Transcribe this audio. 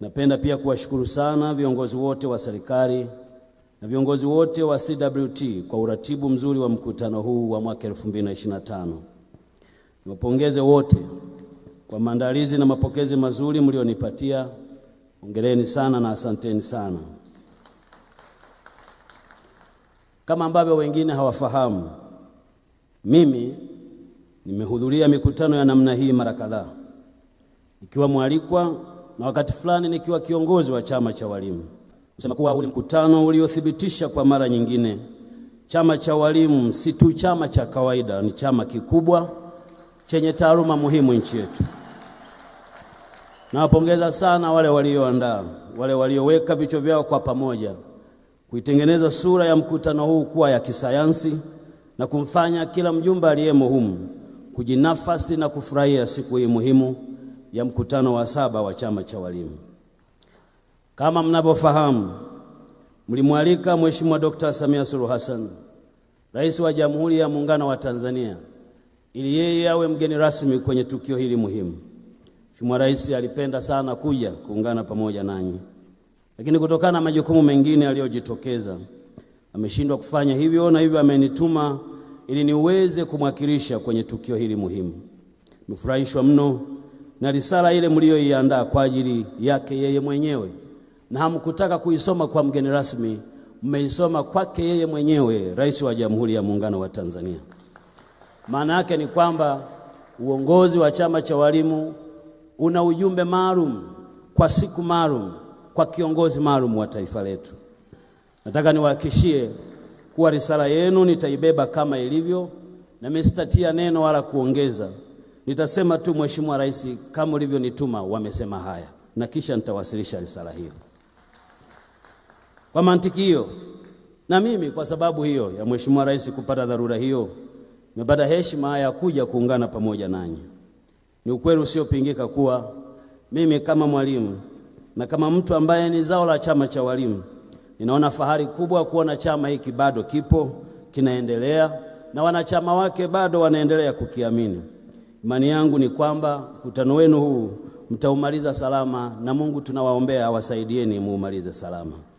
Napenda pia kuwashukuru sana viongozi wote wa serikali na viongozi wote wa CWT kwa uratibu mzuri wa mkutano huu wa mwaka 2025. Niwapongeze wote kwa maandalizi na mapokezi mazuri mlionipatia. Hongereni sana na asanteni sana. Kama ambavyo wengine hawafahamu, mimi nimehudhuria mikutano ya namna hii mara kadhaa nikiwa mwalikwa na wakati fulani nikiwa kiongozi wa chama cha walimu. Sema kuwa ule mkutano uliothibitisha kwa mara nyingine chama cha walimu si tu chama cha kawaida, ni chama kikubwa chenye taaluma muhimu nchi yetu. Nawapongeza sana wale walioandaa, wale walioweka vichwa vyao kwa pamoja kuitengeneza sura ya mkutano huu kuwa ya kisayansi na kumfanya kila mjumbe aliyemo humu kujinafasi na kufurahia siku hii muhimu ya mkutano wa saba wa chama cha walimu. Kama mnavyofahamu, mlimwalika Mheshimiwa Dkt. Samia Suluhu Hassan, Rais wa Jamhuri ya Muungano wa Tanzania, ili yeye awe mgeni rasmi kwenye tukio hili muhimu. Mheshimiwa Rais alipenda sana kuja kuungana pamoja nanyi, lakini kutokana na majukumu mengine aliyojitokeza ameshindwa kufanya hivyo, na hivyo amenituma ili niweze kumwakilisha kwenye tukio hili muhimu. Nimefurahishwa mno na risala ile mliyoiandaa kwa ajili yake yeye mwenyewe, na hamkutaka kuisoma kwa mgeni rasmi, mmeisoma kwake yeye mwenyewe, Rais wa Jamhuri ya Muungano wa Tanzania. Maana yake ni kwamba uongozi wa Chama cha Walimu una ujumbe maalum kwa siku maalum kwa kiongozi maalum wa taifa letu. Nataka niwahakishie kuwa risala yenu nitaibeba kama ilivyo, na mimi sitatia neno wala kuongeza. Nitasema tu Mheshimiwa Rais, kama ulivyonituma wamesema haya, na kisha nitawasilisha risala hiyo. Kwa mantiki hiyo, na mimi kwa sababu hiyo ya Mheshimiwa Rais kupata dharura hiyo, nimepata heshima ya kuja kuungana pamoja nanyi. Ni ukweli usiopingika kuwa mimi kama mwalimu na kama mtu ambaye ni zao la chama cha walimu, ninaona fahari kubwa kuona chama hiki bado kipo kinaendelea na wanachama wake bado wanaendelea kukiamini. Imani yangu ni kwamba mkutano wenu huu mtaumaliza salama, na Mungu tunawaombea awasaidieni muumalize salama.